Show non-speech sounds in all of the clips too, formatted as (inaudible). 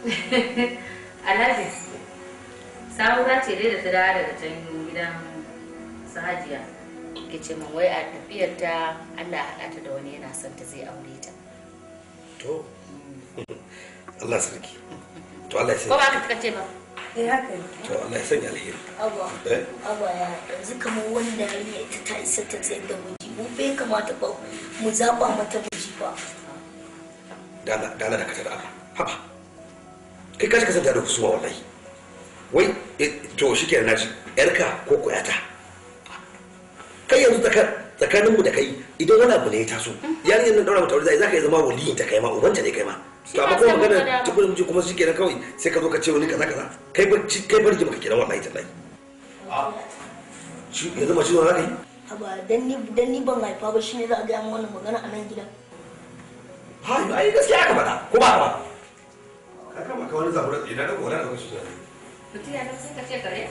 (laughs) alhaji sa'ura ce dai da ta dawo daga can gidan sahajiya ke ce min wai a tafiyar ta allah haɗa ta da wani yana son ta zai aure ta to allah sarki to allah ya ko ba ka ce ba eh, to Allah ya sanya alheri awa eh? awa ya yanzu kamar wanda yarinya ita ta isa ta tsayar da miji mu bai kamata ba mu zaba mata miji ba dala dala da ka tada haba kai kashi kasanta da husuma wallahi wai eh, to shi ke na yarka ko kuyata kai yanzu tsakanin mu da kai idan wani abu ne ya taso yarin nan daura mata aure za ka yi zama waliyin ta kai ma ubanta ne kai ma to amma kuma magana ta gudun miji kuma shi kenan kawai sai ka zo ka ce wani kaza kaza kai barci kai barci maka kenan wallahi tallahi shi ya zama ciwon haka yi ba dan ni dan ni ban haifa ba shine za a ga mu wannan magana a nan gida ha ai gaskiya ka faɗa ko ba ba ka kama wani zabura tsina da gola da wasu tunani mutum ya san ka ce kare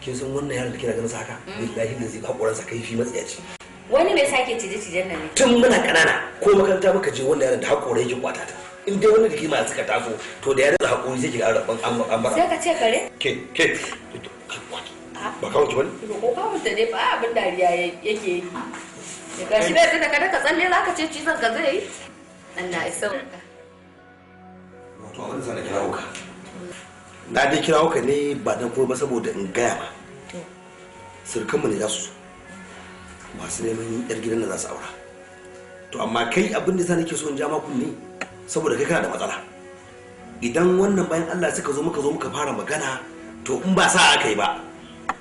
kin san wannan yaran da kina ganin haka billahi mm. da zai hakuran sa matsaya matsiyaci wani mai sake cije cijen nan ne tun muna kanana ko makaranta muka je wannan yaron da hakuran yake kwata ta in dai wani da kima suka taso to da yaran da hakuri zai kira rabban an bara sai ka ce kare ke ke ba kawo ki bane ko kawo ta ne ba abin dariya yake yi gashi bai tana kada ka tsalle zaka ce cizon ka zai Allah ya sauka ka na dai kirawo ka ne ba dan kuma saboda in gaya ba surkanmu ne za su masu neman yar gidan da za su aura to amma kai abin da nake so in ja maku ne saboda kai kana da matsala idan wannan bayan Allah suka zo muka zo muka fara magana to in ba sa aka yi ba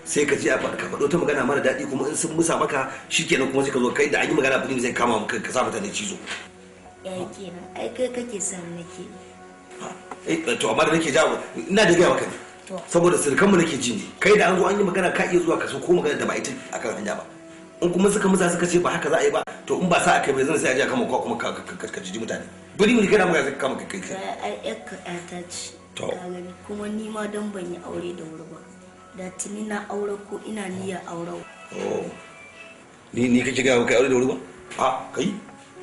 sai ka je a ka faɗo ta magana mara daɗi kuma in sun musa maka shikenan kuma sai ka zo kai da an yi magana abin zai kama mu ka sa mutane cizo eh kenan ai kai kake son nake Eh, eh, to amma da nake jawo ina da gaya maka ne saboda sirkanmu nake ji ne kai da an zo an yi magana ka iya zuwa kaso ko magana da ba ita akan hanya ba in kuma suka musa suka ce ba haka za a yi ba to in ba sa aka bai zan sai a ji kama ko kuma ka ji mutane bari mu kana magana kama ka. kai ta ce to kuma ni ma dan ban yi aure da wuri ba da tuni na aure ko ina niyya aure oh. ni ni kake ga kai aure da wuri ba a kai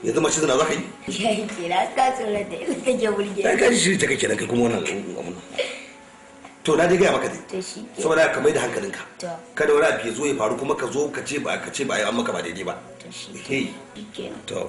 yanzu mace zana za ka yi kira ta tsoron da ya ita take burge ya kan shi ta kake nan kai kuma wannan abun to na dai gaya maka dai saboda ka mai da hankalinka kada wani abu ya zo ya faru kuma ka zo ka ce ba ka ce ba ai an maka ba daidai ba to shi to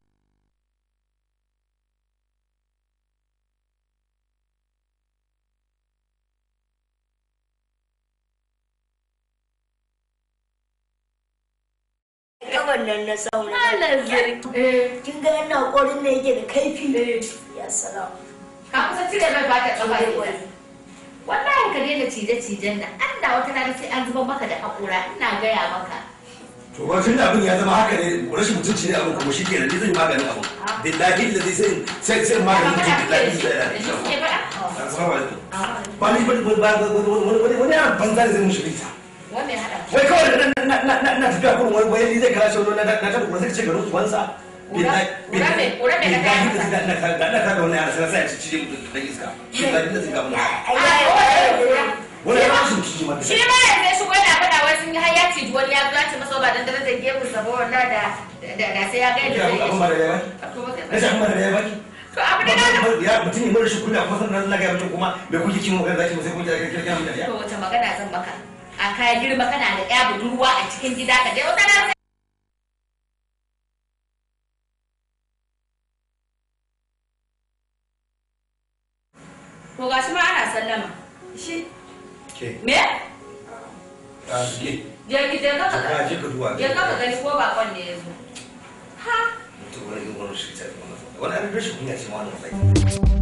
wannan na samu na kin ga yana ƙorin na yake da kaifi ya ka kusa cire mai ba ta kafa wallahi ka daina cije-cijen da an da wata rana sai an zuba maka da haƙura ina gaya maka to ba abin ya zama haka ne rashin mutunci ne abin kuma shi ke ne zai maganin abin billahi da zai sai sai sai maganin mutunci billahi da ba ne ba wani ba wani ba wani wani wani wani ne ba wani ba wani ba ba ba ba wai kawai na na na tafiya kurin wani wani zai kara shawo na na tafi wani ce garin ubansa Urabe, urabe na kayan masa. Na ta ga wani yara sai ya ci ci da iska. Shi ba da zin gamu. Wani ya su ci ma. Shi ma yanzu shi ko yana faɗa wai sun yi har ya ci wani ya gaci masa ba dan darajar gemun sa ba wallahi da da sai ya ga yadda zai yi. Abin ba da yawa. Rashin abin ba da yawa. To abu da nan. Ya mutum ne mara shi kuma sannan na ga mutum kuma bai kuke kin magana zaki ba sai kun a ka girma kana da ya budurwa a cikin gida ka je wata rana to ga shi ma ana sallama shi me ah, je ki je ka je ka ka gani ko bakon ne ya zo ha to wani wani shi ta wani abin rashin kunya ce ma wannan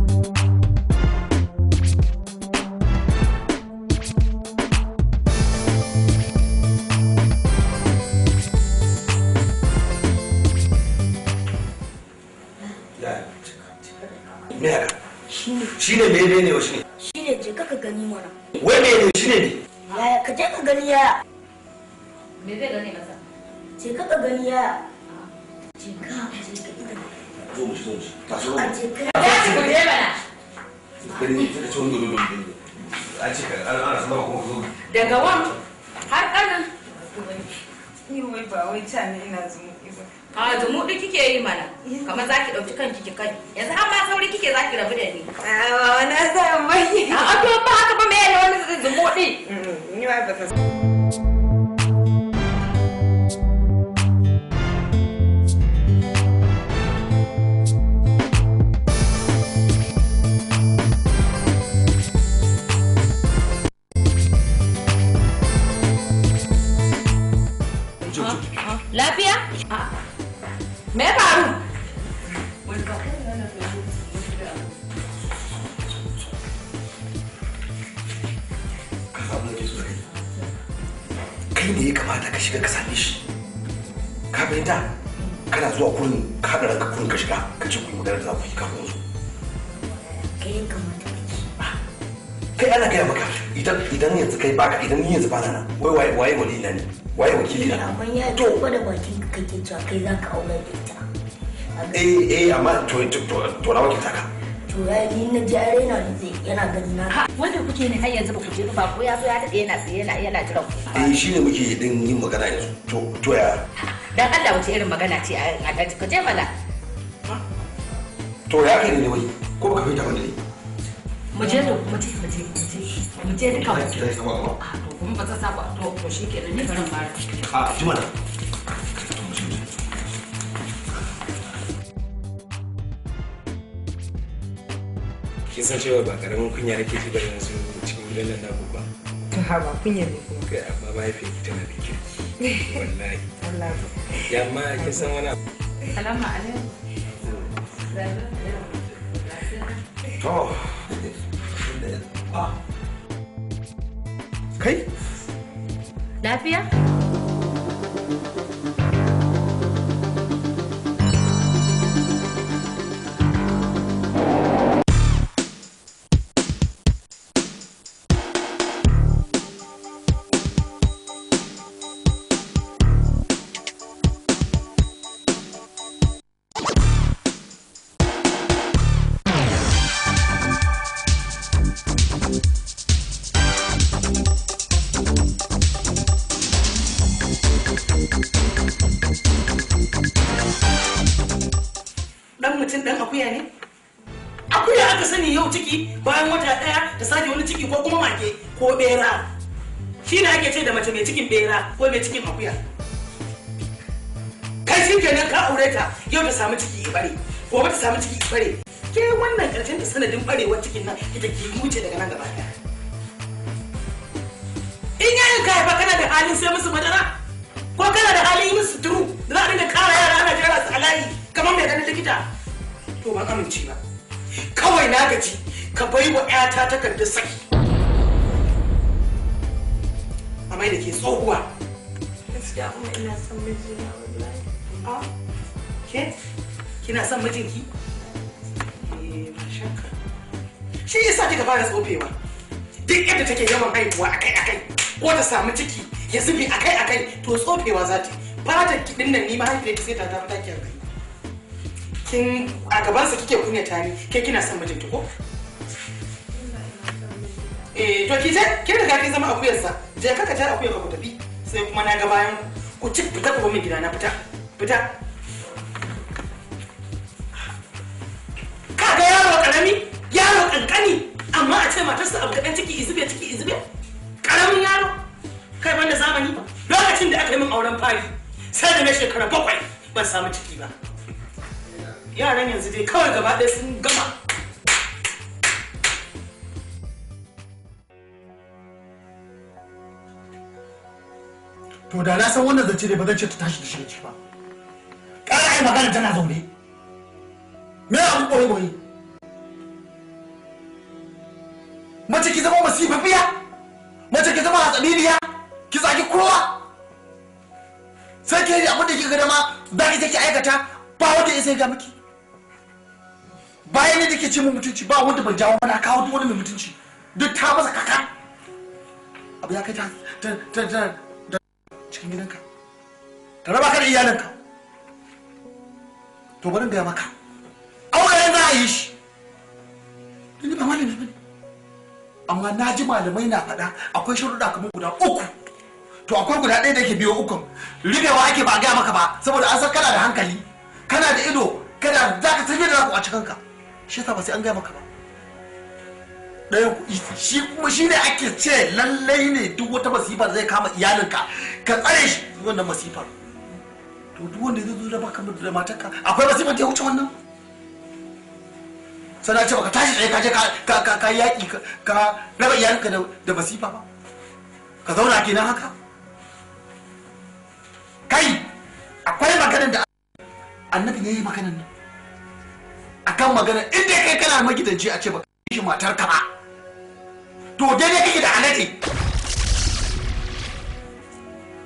naira shi ne mai bene shi ne shi ne je kaka gani mana wai mai ne shi ne ne yaya ka je ka gani yaya me zai gani masa je kaka gani yaya je ka je ka ita zo mu zo mu ta a je ka ya ci gure mana gani ta ci wani a ka ana sama zo daga wani har ni wai ba wai ina zuwa a zumuɗi kike yi mana kamar za ki ɗauki kanki ki kai yanzu an ma sauri kike za ki rabu da ni a na san bai a to ba haka ba me ne wani zumuɗi mm, ni ba ba Lafiya me ya kai ne ya kamata ka shiga ka same shi ka fahimta kana zuwa kurin ka haɗa ranka kurin ka shiga ka ce ku yi magana da za ku yi kafin yanzu kai ya kamata kai ana kai maka idan idan yanzu kai baka idan ni yanzu ba nan wai waye waye wali na ne waye wakili na to ko da baki kake cewa kai za ka aure da ita eh eh amma to to to na wakilta ka to ya ni na ji are na zai yana gani na wanda kuke ne har yanzu ba ku je ba ko ya so ya dade yana tsaye yana yana jira ku eh shine muke din yin magana yanzu to to ya dan Allah wace irin magana ce a alhaji ku je bala to ya kai ne wai ko baka fita wani ne mu je mu mu je mu kuma to kuma ba ta saba to to shikenan ne barin mara a ji kin san cewa ba karamin kunya nake ji ba yanzu cikin gidan nan naku ba to ha ba kunya ne kuma kai amma ki tana da wallahi wallahi yamma kin san wani abu salamu alaikum Kai? Lafiya? bare ke wannan karshen da sanadin barewar cikin nan ita ki wuce daga nan gaba daya in yayin ka haifa kana da halin sai musu madara ko kana da halin musu turu da za a dinga ƙara yara ana jira su a layi kamar mai ganin likita to ban amince ba kawai na gaji ka bai wa 'yata takardar saki Amai da ke tsohuwa gaskiya kuma ina son mijina wallahi a ah, ke kina son mijinki shi yasa kika fara tsofewa duk yadda take yawan haihuwa akai akai ko ta samu ciki ya zubi akai akai to tsofewa za ta fatar kidin nan ni ma haife ki sai ta tafi takin kai kin a gaban sa kike kunya tani kai kina son mijinki ko eh to ki je ki riga ki zama akuyar sa je ka ka tare akuyar ka ku tafi sai kuma na ga bayan ku ci fita ku ba mu gida na fita fita yaro kankani amma a ce matarsa abu kaɗan ciki izube ciki izube ƙaramin yaro kai banda zamani lokacin da aka yi min auren fari sai da na shekara bakwai ban samu ciki ba yaran yanzu dai kawai gaba ɗaya sun gama to da na san wannan zance ne ba zan ce ta tashi da shi ba ƙara ai magana tana zaune me abu ɓoye-ɓoye mace ki zama masifafiya mace ki zama hatsabiniya ki tsaki kowa sai ke yi abin da kika ga dama za ki take aikata ba wanda ya sai ga miki bayan da ke ce mu mutunci ba wanda ban jawo mana kawo duk wani mai mutunci duk ta masa kaka abu ya kai ta ta ta cikin gidanka ta raba ka da iyalinka to bari gaya maka auren za a yi shi ni ba malami ne amma na ji malamai na faɗa akwai sharuɗa kamar guda uku to akwai guda ɗaya da yake biyo ukun ribewa ake ba gaya maka ba saboda an san kana da hankali kana da ido kana za ka san da za ku a cikinka shi yasa ba sai an gaya maka ba ɗayan shi kuma shi ne ake ce lallai ne duk wata masifa zai kama iyalinka ka tsare shi wannan masifar to duk wanda zai zo da baka da matarka akwai masifar da ya wuce wannan sai na ce baka tashi tsaye ka je ka ka yaƙi ka raba iyalinka da basifa ba ka zauna kenan haka kai akwai maganar da annabi ya yi maganar nan akan maganar inda kai kana magidanci a ce baka shi matar ka ba to daidai kake da alade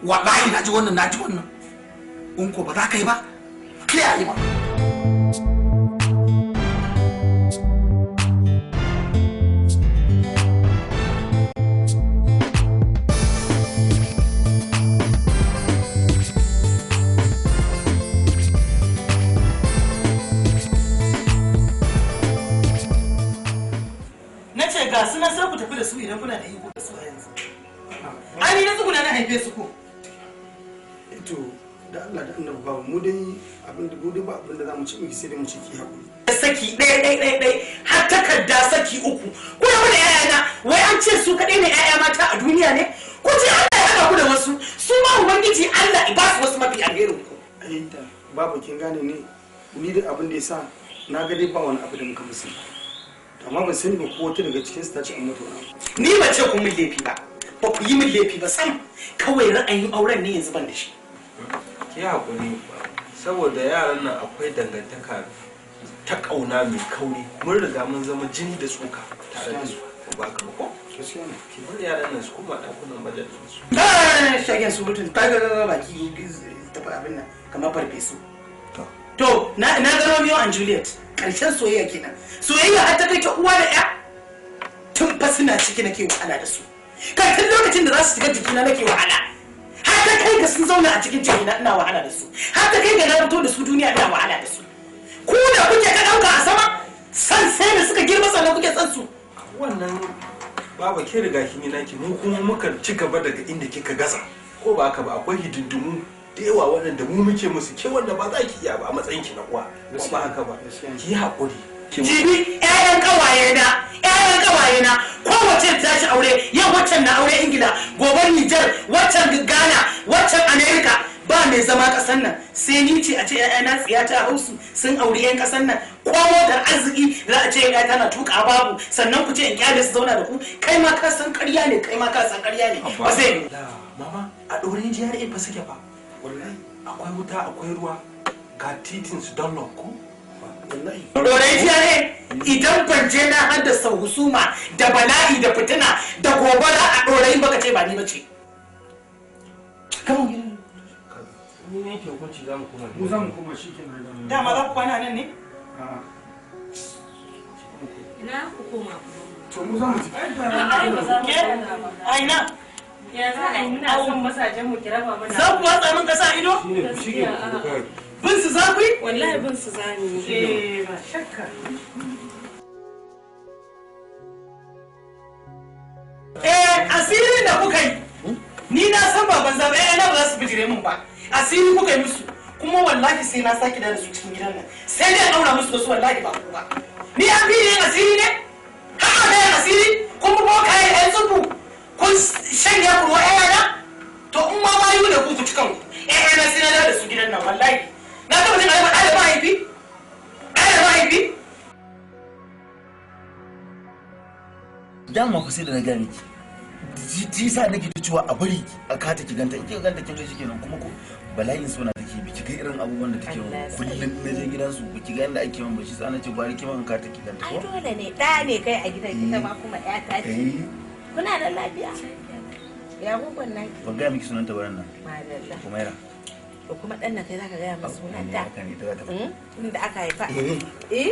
wallahi naji wannan na wannan in ko ba za ka yi ba kiyaye ba ga suna sai ku tafi da su idan kuna da iko da su a yanzu ani na tsuguna na haife su ko to da Allah da annabi babu mu dai abin da gode ba abin da zamu ci mu sai dai mu ci ki hakuri saki ɗaya ɗaya ɗaya ɗaya har takarda saki uku ko da mana yaya na wai an ce su kaɗai ne yaya mata a duniya ne ko ce Allah ya haɗa ku da wasu su ma ubangiji Allah ba su wasu mafi alherin ku babu kin gane ne ni da abin da ya sa na ga dai ba wani abu da muka musu amma ban sani ba kowa wata daga cikin su ta ci an mutu ni ba ce ku min laifi ba ba ku yi min laifi ba sam kawai ra'ayin auren ne yanzu ban da shi ki hakuri saboda yaran nan akwai dangantaka ta kauna mai kauri mun riga mun zama jini da tsoka tare da su ba ka ko gaskiya ne ki yaran nan su koma dakunan majalisu. su shagen su mutum ta ga baki ta abin nan kamar farfesu to na ga romeo and juliet karshen soyayya kenan soyayya har ta kai uwa da ya tun fa suna ciki nake wahala da su kai tun lokacin da za su shiga jikina nake wahala har ta kai ga sun zauna a cikin jikina ina wahala da su har ta kai ga na fito da su duniya ina wahala da su ku da kuke ka dauka a sama san sai da suka girma sannan kuke san su wannan baba ke riga kin yi naki mu kuma muka ci gaba daga inda kika gaza ko ba haka ba akwai hidindimu da yawa wannan da mu muke musu ke wanda ba za ki iya ba a matsayin ki na uwa ba haka ba ki yi hakuri jibi ƴaƴan kawaye na ƴaƴan kawaye na kowace ta tashi aure yau waccan na aure ingila gobe nijar waccan ghana waccan america ba mai zama ƙasar nan sai ni ce a ce ƴaƴana tsiya ta hausu sun aure yan ƙasar nan ko motar arziki za a ce ƴaƴa tana tuka babu sannan ku ce in kyale su zauna da ku kai ma ka san ƙarya ne kai ma ka san ƙarya ne ba sai mama a ɗorin GRA ba suke ba wallahi akwai wuta akwai ruwa ga titin su don ko Dorai idan banje na haddasa husuma da bala'i da fitina da gobara a dorai baka ce ba ni ba ce. Dama za ku kwana nan ne? Ina ku koma. To mu za mu ci. Ya za a yi muna son masajen mu kiraba mana. Za ku watsa min kasa ido? Bin su za ku yi? Wallahi bin su za mu Eh ba shakka. Eh asirin da kuka yi. Ni na san ba baban zaba eh na ba za su bijire min ba. Asiri kuka yi musu. kuma wallahi sai na saki da su cikin gidan nan sai dai aura musu wasu wallahi ba ku ba ni an fi ne asiri ne haka ne asiri kuma boka ya yan tsubu kun shanya ku ruwa ƴaƴana to in ma yi ne ku ku cikan ku ƴaƴana sai na da su gidan nan wallahi na ga jin ayyuka ɗaya mahaifi ɗaya mahaifi dama ku sai da na gane ki ji sa nake ta cewa a bari a kata ki ganta ki ganta kin shi kenan kuma bala'in suna take bi ki ga irin abubuwan da take kullum na je gidan su ki ga ake man ba sai ce ki man ka ki ganta ko ai dole ne da ne kai a gidan ki ma kuma ta ce eh. kuna da lafiya ya gugun na ki ban gaya miki sunan ta nan madalla kumaira ko kuma dan na kai ka gaya masa sunan ta hmm? inda aka haifa eh, eh?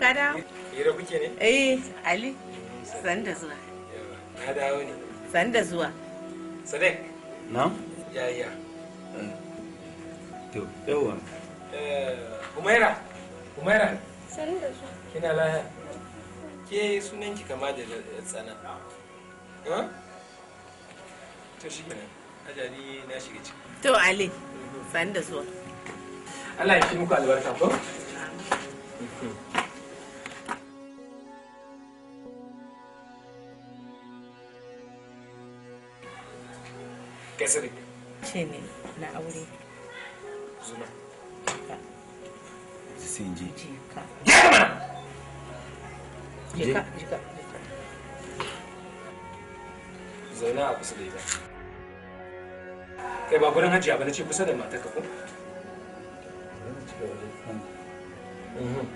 ka dawo? Hira kuke ne? Eh, Ali. San da zuwa. Na dawo ne. San da zuwa. Sadek. Na? Ya ya. To, yawa. Eh, Umaira. Umaira. San da zuwa. Kina lahiya? Ke sunan ki kama da tsana. Ha? To shi kenan. Ajali na shiga ciki. To Ali, san da zuwa. Allah ya ki muku albarka ko? gazirin ce na aure zuma sai je jika jika jika a kusa da ita kai ba gurin hajiya ba na ce kusa da matarka ko mhm.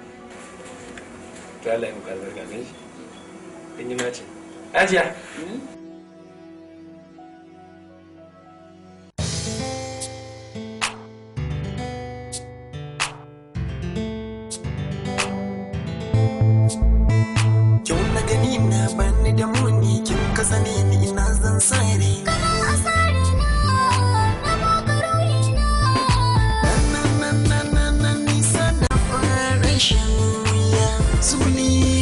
ta Allah yi mace me.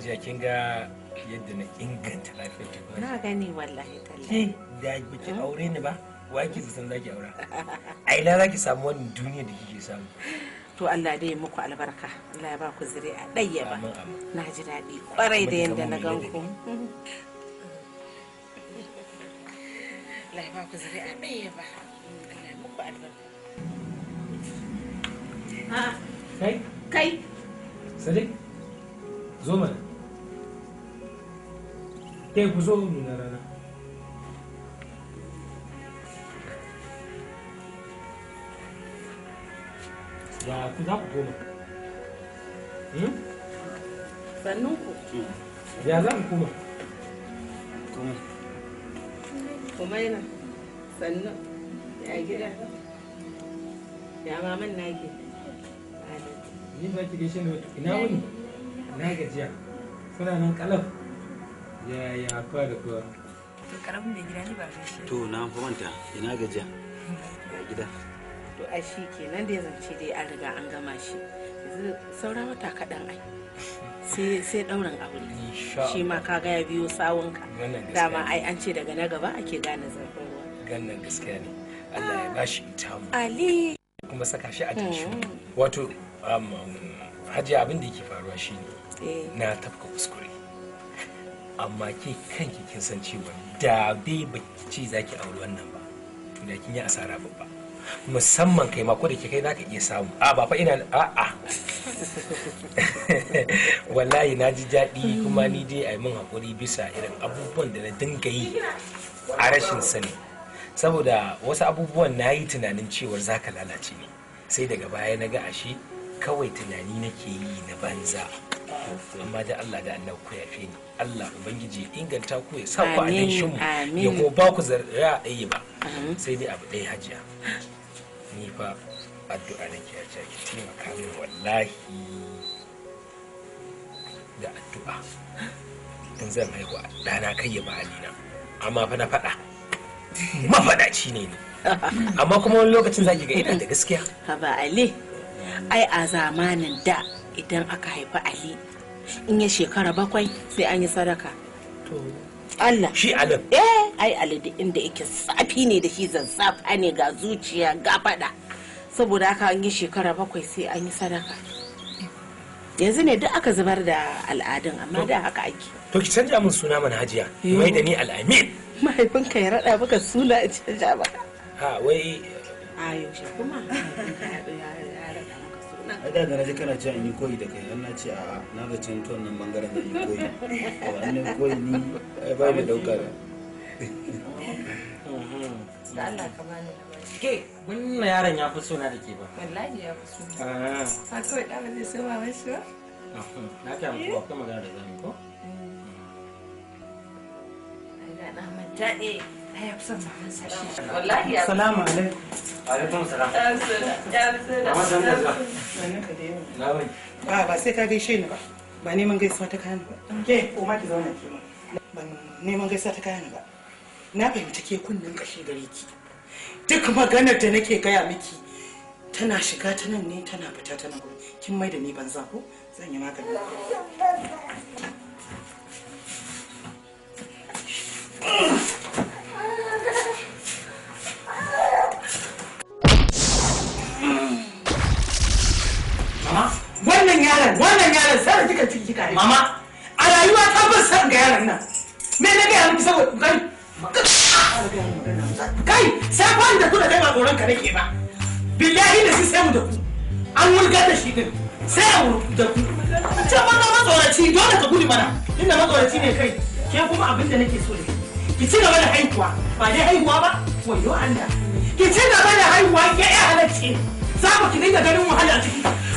hajiya kin ga yadda na inganta lafiyar ta na gani wallahi tallahi da biki hmm? aure ni ba wa ki san zaki aura a ina zaki samu wannan duniya da kike samu to Allah dai muku albarka Allah ya ba ku zuri'a ɗaya ba na ji daɗi kwarai da yadda na gan ku (laughs) Allah ya ba ku zuri'a ɗaya ba Allah ya muku albarka Ha? Ah, kai kai sadiq zo mana kai ku zo nuna rana ya koma sannan ku ya za kuma kuma yana ya gida ya maman naki ni ba ki wuni na suna nan ya ya kwa da kwa to karamin mai gida ne ba gaishe to na manta ina gajiya ya gida to ai shi kenan da ya zance dai an riga an gama shi sauran wata kaɗan ai sai ɗaurin aure shi ma ka ga ya biyo sawunka dama ai an ce daga na gaba ake gane zarfin ruwa gannan gaskiya ne Allah ya bashi ita mu ali kuma saka shi a tashi mm. wato um, hajiya abin da yake faruwa shine eh. na tafka kuskure amma ke kanki kin san cewa da bai baki ce zaki auri wannan ba to da kin yi asara babba musamman kai ma da ke kai zaka iya samu a ba fa ina a a (laughs) wallahi na ji daɗi kuma ni dai a mun hakuri bisa irin abubuwan da na dinga yi a rashin sani saboda wasu abubuwan na yi tunanin cewar zaka lalace ne sai daga baya na ga ashe kawai tunani nake yi na banza amma da Allah da Allah ku yafe ni Allah ubangiji inganta ku ya sa ku a mu ya ko ba ku a ɗaya ba sai dai abu ɗaya hajiya ni fa addu'a nake ya ce ki taimaka min wallahi da addu'a in zan haihuwa ɗana kai ya ba Alina amma fa na faɗa mafaɗaci ne ni (laughs) amma kuma wani lokacin zaki ga ina da gaskiya haba ali ai a zamanin da idan aka haifi ali in ya shekara bakwai sai an yi sadaka Allah shi alim eh ai ali da inda yake safi ne da shi zazzafa ne ga zuciya ga fada saboda haka an yi shekara bakwai sai an yi sadaka yanzu ne duk aka zubar da al'adun amma da haka ake to ki canja min suna mana hajiya mai da ni al'amin mahaifinka ya rada maka suna a canja maka ha wai ayo yaushe kuma (laughs) wannan da da naje kana cewa in yi koyi da kai an na ce a na ga cin ton nan bangaren da yi koyi to an ne koyi ni ai ba mai dauka da Allah ka bani ke wannan yaron ya fi sona da ke ba wallahi ya fi sona a kawai da ba zai so ba wai shi na ta muku ba kuma magana da zamu ko eh. ai da na manta eh ai ya fi son mamansa shi wallahi ya salamu alaikum ba ba sai ka gaishe ni ba ba neman gaisuwa ta kayan ba ke ko ma ki zauna ki ban neman gaisuwa ta kayan ba na fahimci ke kunnen kashi gare ki duk maganar da nake gaya miki tana shiga ta nan ne tana fita ta nan kin mai da ni banza ko zan yi maganin ku wannan yaron wannan yaron sai kika ciki kika mama a rayuwa ta ban san ga yaron nan me na ga yaron saboda kai kai sai ban da kula kai ba goran ka nake ba billahi da sai mu da ku an wulgar da shi din sai a da ku ce matsoraci dole ka gudu mana inda matsoraci ne kai ke kuma abin da nake so da ki ci gaba da haihuwa ba dai haihuwa ba wayo ki ci gaba da haihuwa ke ya halacce za ku ki dinga ganin wahala a ciki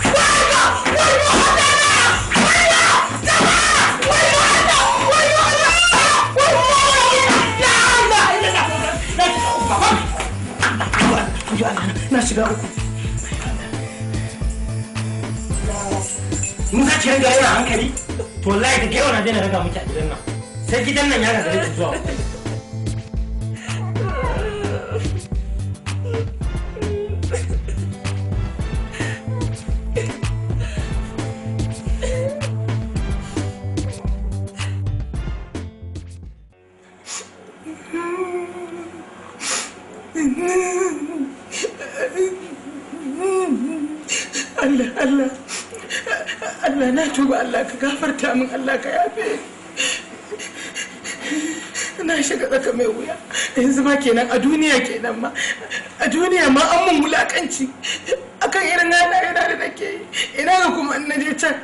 na shiga uku mun ka ciyar yana hankali to lai da gaiwa na daina raga miki a gidan nan sai gidan nan ya gaza da zuwa tsakanin Allah ka yafe na shiga tsaka mai wuya yanzu ma kenan a duniya kenan ma a duniya ma an mun mulakanci akan irin hana yana da nake yi ina ga kuma an naje can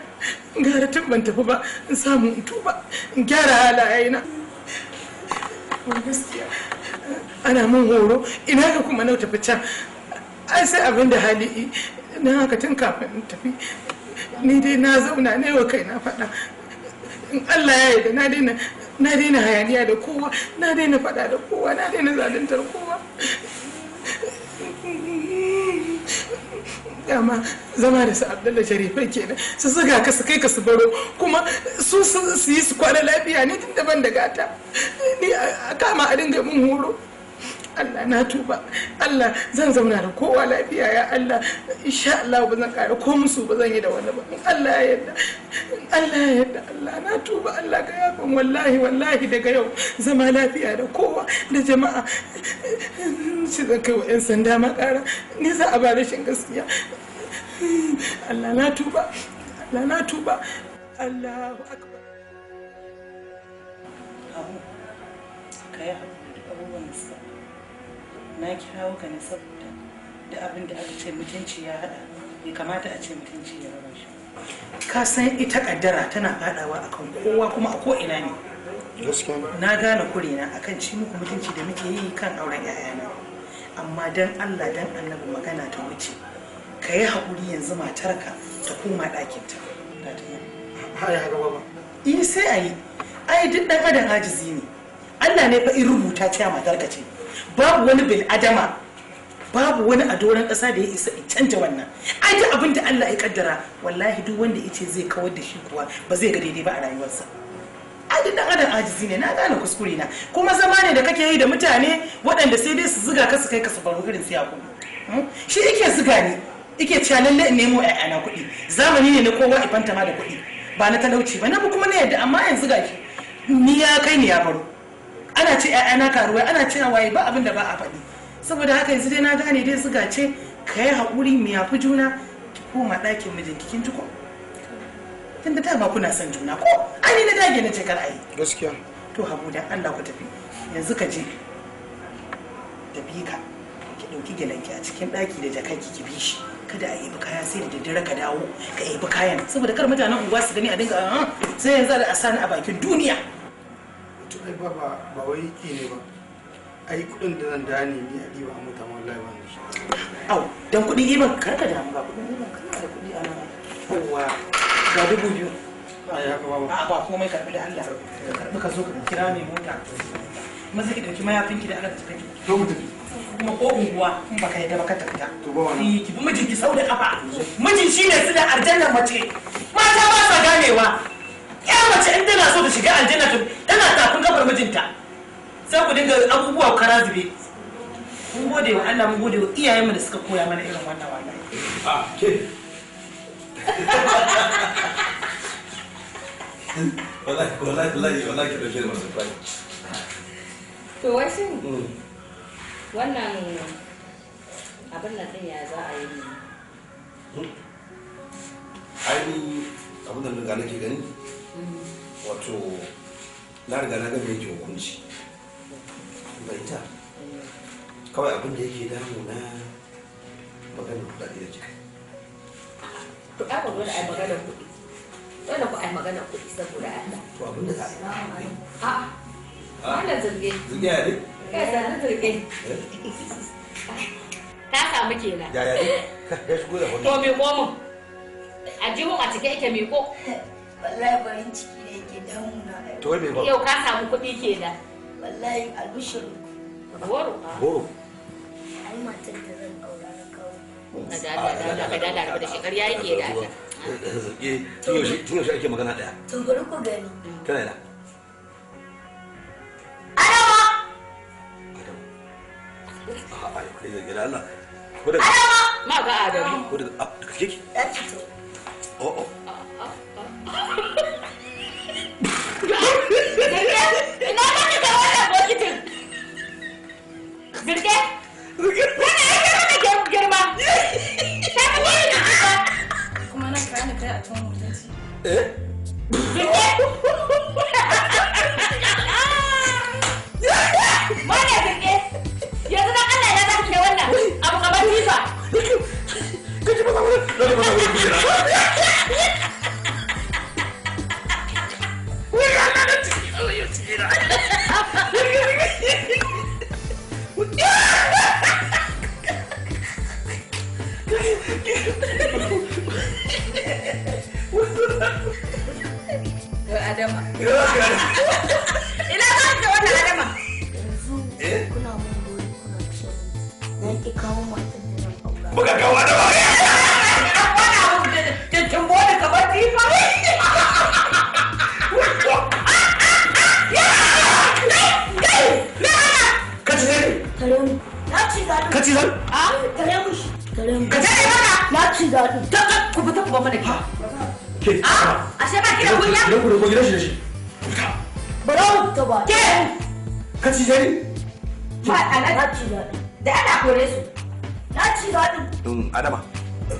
gara tun ban tafi ba in samu in tuba in gyara halaye na gaskiya ana mun horo ina ga kuma na tafi can ai sai abin da hali na haka tun kafin tafi ni dai na zauna ne wa kai na faɗa in Allah ya yarda na daina na daina hayaniya da kowa na daina fada da kowa na daina zaluntar kowa dama zama da su abdullahi sharifai kenan su zuga ka su kai ka su baro kuma su su yi su kwana lafiya ne tun daban da gata ni a kama a dinga min horo Allah na tuba Allah zan zauna da kowa lafiya ya Allah insha Allah ba zan kare ko musu ba zan yi da wani ba Allah ya yarda Allah ya yarda Allah na tuba Allah ka yafa wallahi wallahi daga yau zama lafiya da kowa da jama'a shi zan kai wa 'yan sanda makara ni za a ba rashin gaskiya Allah na tuba Allah na tuba Allahu akbar ka na kirawo ka ne saboda da abin da aka ce mutunci ya haɗa bai kamata a ce mutunci ya raba shi ka san ita kaddara tana fadawa akan kowa kuma a ko ina ne na gane kure na akan ci muku mutunci da muke yi kan auren 'ya'yana amma dan Allah dan annabi magana ta wuce ka yi haƙuri yanzu matarka ta koma ɗakinta ta eh, sai a yi ai duk ɗan adam ajizi ne Allah ne fa in rubuta ta matarka ce babu wani bil adama babu wani a doron ƙasa da ya isa in canja wannan ai da abin da Allah ya kaddara wallahi duk wanda yace zai kawar da shi kuwa ba zai ga daidai ba a rayuwarsa ai dan adam ajizi ne na gane kuskure na kuma zama ne da kake yi da mutane waɗanda sai dai su zuga ka su kai ka su faru irin su ya hmm? shi yake zuga ni yake cewa lalle in nemo ƴaƴana kuɗi zamani ne na kowa ifanta ma da kuɗi ba na talauci ba na kuma na yadda amma yanzu gashi ni ya kai ni ya baro ana ce ‘ya'yana karuwa ana ce waye ba abin da ba a faɗi saboda haka yanzu dai na gane dai su ce ka yi haƙuri mu yafi juna ki koma ɗakin mijinki kin ji ko tun da dama kuna son juna ko an yi na dage na ce kar ayi gaskiya to habu dan Allah ku tafi yanzu ka je da bi ka ki ɗauki gilanki a cikin ɗaki da jakanki ki bi shi kada a yi kaya sai da daddare ka dawo ka yi kayan saboda kar mutanen unguwa su gani a dinga sai yanzu a sani a bakin duniya to ba ba wai ki ne ba ai kuɗin da zan dani ni a diba mota ma wallahi ba ni au dan kudi diban karka da mu ga kudin diban kana da kudi a nan yawa ga dubu biyu ai haka ba komai karbi da Allah ka karbi ka zo ka kira mai mota maza ki dauki mayafinki da Allah ki to mutum kuma ko unguwa in baka yadda ka tafita eh ki bi mijinki sau da kafa mijin shine su da aljannar mace mata ba sa ganewa ƴar mace in tana so ta shiga aljanna to tana tafin kafar mijinta sai ku dinga abubuwa kara zube mun gode wa Allah mun gode wa iyayenmu da suka koya mana irin wannan wallahi a ke wallahi wallahi wallahi wallahi da shi masu fai to wai shin mm. wannan abin nan din ya za a yi hmm? ainihin abin da nake gani wato na riga na gama yake hukunci da ita kawai abin da yake damu na maganar kudade da jihar To ɗa ku dole a yi maganar kuɗi dole ku a yi maganar kuɗi saboda Allah to abin da za a yi a wannan zirge zirge ya ne kai zane zirge eh? ta samu kenan ya ya ne (laughs) to mi komo a jihun a cike yake mi ko (laughs) wallahi barin ciki ne ke damuna to me ba yau ka samu kuɗi ke da wallahi albishir goro goro ai matar da zan aura na kawo da da da da da da shekar yayi ke da eh, tuno shi ake magana daya to ku gani kana da adama adama a kai da gidan Allah adama ma ga adama ko da kake ki oh oh ah. tsaye a cikin mutunci eh Mana birge yanzu dan Allah ya zaka wannan abu kamar tifa kaje ba 你们。(laughs) duk gaba ke ka ci jari ba ana na ci zaɗi da ana kore su na ci zaɗi adama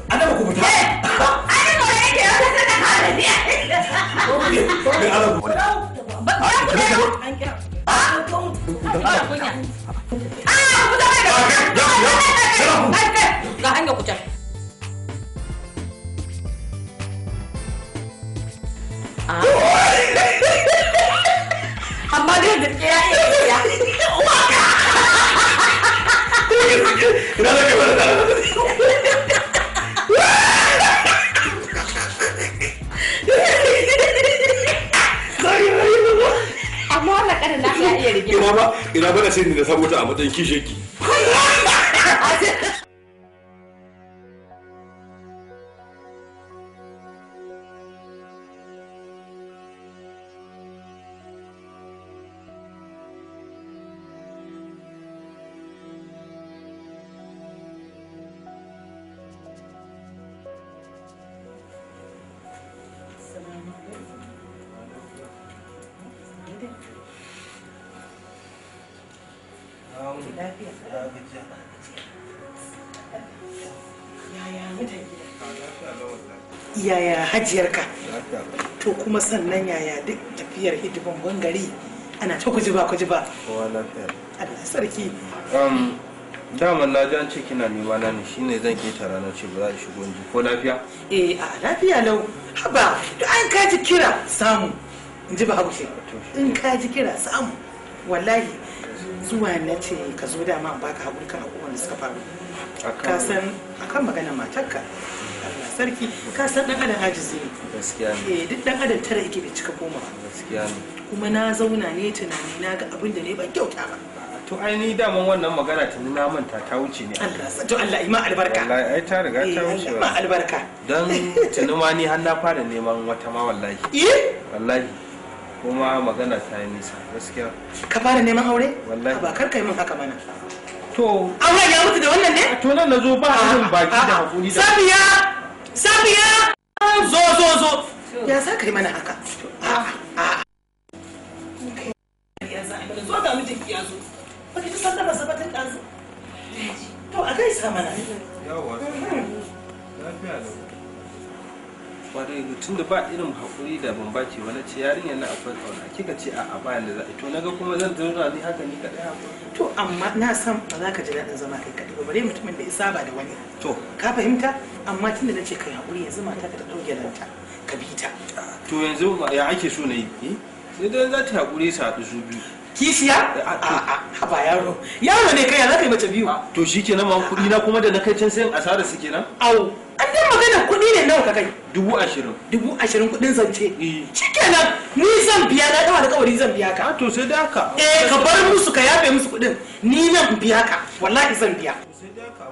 adama ku fita adama kasa da kare ba ku da an Ah. amma dai gaske ya iya koya ina da kamar da ina ba ina ba da sai ni da sabota a matsayin ki? yaya hajiyarka to kuma sannan yaya duk tafiyar hidiman bangare ana ta kuji ba kuji ba Allah sarki um, daman na jan ce kina nema na ne shine zan ke tara na ce ba za a shigo ko lafiya eh a lafiya lau haba to an kaji kira samu in ji ba haushe in kaji kira samu wallahi zuwa na ce ka zo da ma baka haƙuri kan abubuwan da suka faru ka san akan magana matarka sarki ka san dan adam ajizi ne gaskiya ne eh, duk dan adam tara yake bai cika koma gaskiya ne kuma na zauna ne tunani na ga abin da ne ban kyauta ba to ai ni daman wannan magana tuni na manta ta wuce ne Allah to Allah ima albarka wallahi ai ta riga ta eh, wuce ba albarka dan ma ni har na fara neman wata ma wallahi eh wallahi kuma magana ta yi nisa gaskiya ka fara neman aure wallahi ba karka yi min haka mana to aure ya mutu da wannan ne to nan nazo ba irin baki da hakuri da safiya safiya zo zo zo ya za ka yi mana haka to a gaisa mana yawa hmm. lafiya da kwarai da tunda ba irin hakuri da ban baki wani ce yarinya na akwai kauna kika ce a bayan da za to naga kuma zan zauna ni haka ni kadai to amma na san ba za ka ji daɗin zama kai kaɗai ba bare mutumin da isa ba da wani to ka fahimta amma tun tunda nace kai hakuri yanzu mata ka ta dauke lanta ka bi ta to yanzu ya ake so na yi eh? sai dai za ta hakuri su haɗu su biyu kishiya a ba yaro yaro ne kai ya za ka yi mace biyu to shi shikenan ma kuɗi na kuma da na kai can sai asara su kenan au nawa ka kai dubu ashirin dubu ashirin kuɗin zance eh. shikenan ni zan biya na dawa alƙawari zan biya ka ah, to sai da haka eh ka bar musu ka yafe musu kuɗin ni nan biya ka wallahi zan biya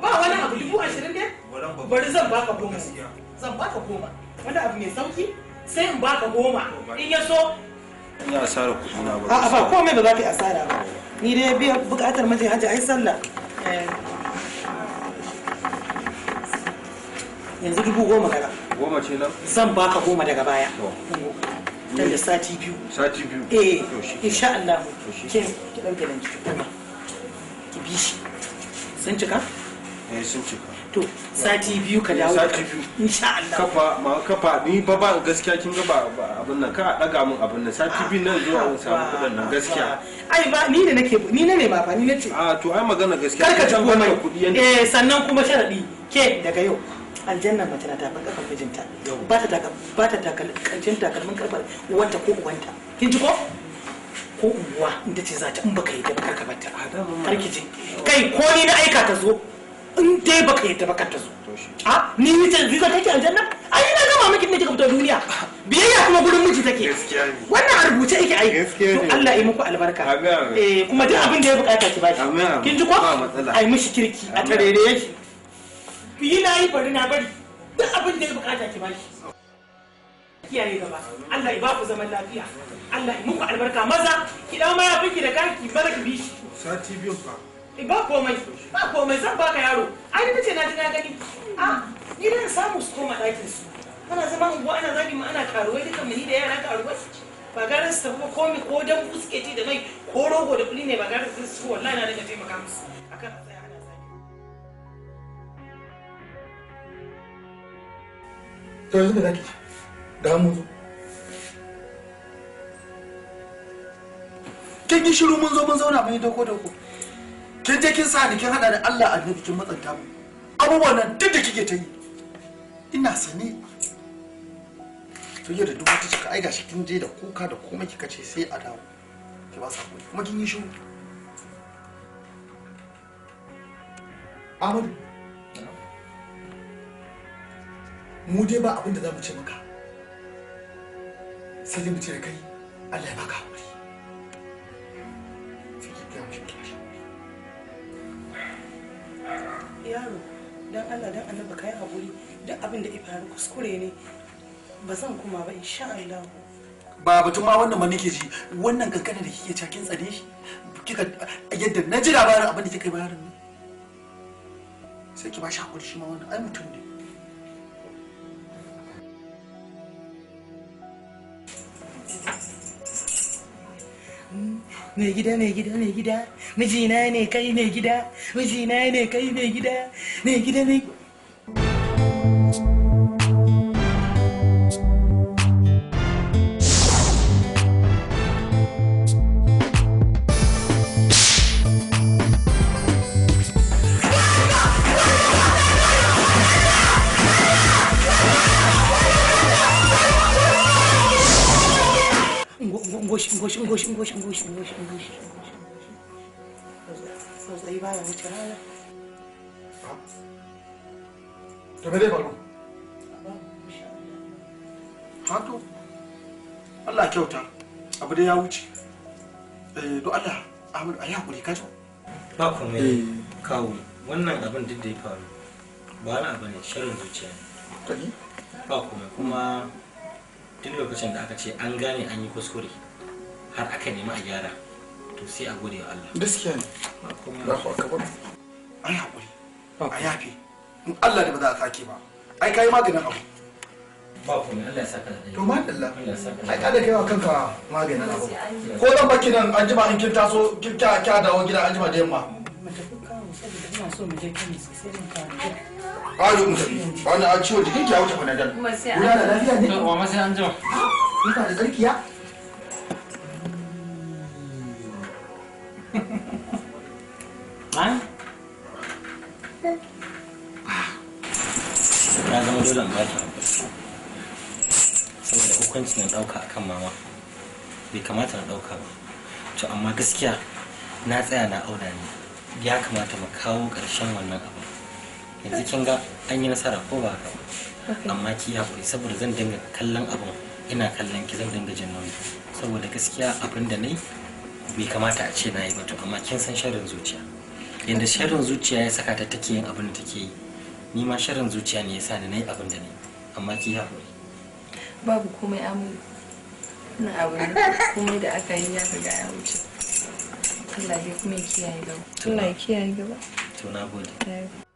ba wani abu dubu ashirin ne bari zan baka goma zan baka goma wani abu mai sauki sai in baka goma in ya so ina asara kuɗi na ba a ba komai ba za ka yi asara ba ni dai biya buƙatar mace hajji ai sallah eh. yanzu dubu goma kaza goma ce nan zan baka goma daga baya dan da sati biyu sati biyu eh insha Allah ke ki dauke nan ki kuma ki bi shi sun cika eh sun cika to sati biyu ka dawo sati biyu insha Allah kafa ma kafa ni ba ba gaskiya kin ga ba abin nan ka daga mun abin nan sati biyu nan zuwa mun samu kudin nan gaskiya ai ba ni ne nake ni ne ne ba fa ni nace a ah, to ai magana gaskiya kar ka jago mai kudi eh sannan kuma sharadi ke daga yau aljanna mace na tafi kafar mijinta ba ta taka ba ta taka kancin takalmin karfar uwanta ko uwanta kin ji ko ko uwa inda ce za ta in baka yadda da baka ka har ki ji kai ko ni na aika ta zo in dai baka yadda baka ta zo a ah, ni ni ta zuwa take aljanna yi ina gama miki ne kika fito duniya biyayya kuma gurin miji take wannan a rubuce yake ai to Allah ya muku albarka eh kuma duk abin da ya bukata ki bashi kin ji ko ai mishi kirki a da yake yi na yi bari na bari duk abin da ya bukata ki bashi kiyaye gaba Allah ya baku zaman lafiya Allah ya muku albarka maza ki dawo ya fiki da kaki bar ki bishi sati biyu fa eh, ba komai ba komai zan baka yaro ai ni ce na ji na gani a ah, ni dan samu su koma ɗakin su ana zama unguwa ana zabi mu ana karuwai duka mu ni da yara karuwai ba garin su tafi ko mi ko dan fuske ce da mai ko rogo da fili ne ba garin su wallahi na da taimaka musu to yanzu me za ki kin yi shiru mun zo mun zauna mun yi doko doko kin je kin sa ni kin hada da Allah annabi kin matsanta mu abubuwan nan duk da kike ta yi ina sani to yau da dubu ta cika ai gashi kin je da kuka da komai kika ce sai a dawo ki ba kuma kin yi shiru Amadu mu dai ba abin da za mu ce maka sai dai mu ce da kai Allah ya baka hakuri yaro dan Allah dan Allah baka yi hakuri duk abin da ya faru kuskure ne ba zan kuma ba insha Allah ba batun ma wannan ma nake ji wannan kankana da kike cakin tsare shi kika yadda na ji labarin abin da kika yi bayarin sai ki ba shi hakuri shi ma wannan ai mutum ne mai gida mai gida mai gida mijina ne kai mai gida mijina ne kai mai gida mai gida mai goshi goshi goshi goshi goshi goshi goshi zai baya wuce rana to me dai faru hato Allah kyauta abu da ya wuce eh do Allah Ahmad ayi hakuri kaji ba komai kawo wannan abin da faru ba wani abu zuciya kuma duk lokacin da aka ce an gane an yi kuskure har aka nemi a gyara to sai a gode wa Allah gaskiya ne ba ku ba ai hakuri a yafe in Allah da ba za a sake ba ai kai maganin abu ba ku ne Allah ya saka da to madalla ai kada kai wa kanka maganin abu ko dan baki nan an jima in kin taso kin ta kya dawo gida an jima da yamma Ayo so mu je kemis sai mun kawo ƙwayo mu tafi wani a ciwo jikin ki ya wuce fanadol. Kuma sai an jima. Kuma sai an jima. Kuma da tsarkiya. ha? ya zama dole in na dauka akan mama bai kamata na dauka ba to amma gaskiya na tsaya na auna ne ya kamata mu kawo ƙarshen wannan abu yanzu kin ga an yi nasara ko ba ka ba amma ki hakuri saboda zan dinga kallon abu ina kallon ki zan dinga jin nauyi saboda gaskiya abin da na yi bai kamata a ce na yi ba to amma kin san sharrin zuciya yadda sharrin zuciya ya saka ta take yin abin da take yi ni ma sharrin zuciya ne ya sa ni na yi abin da ne amma ki haƙuri babu komai amu na abu komai da aka yi ya riga ya wuce Allah ya kuma kiyaye gaba Allah kiyaye gaba to na gode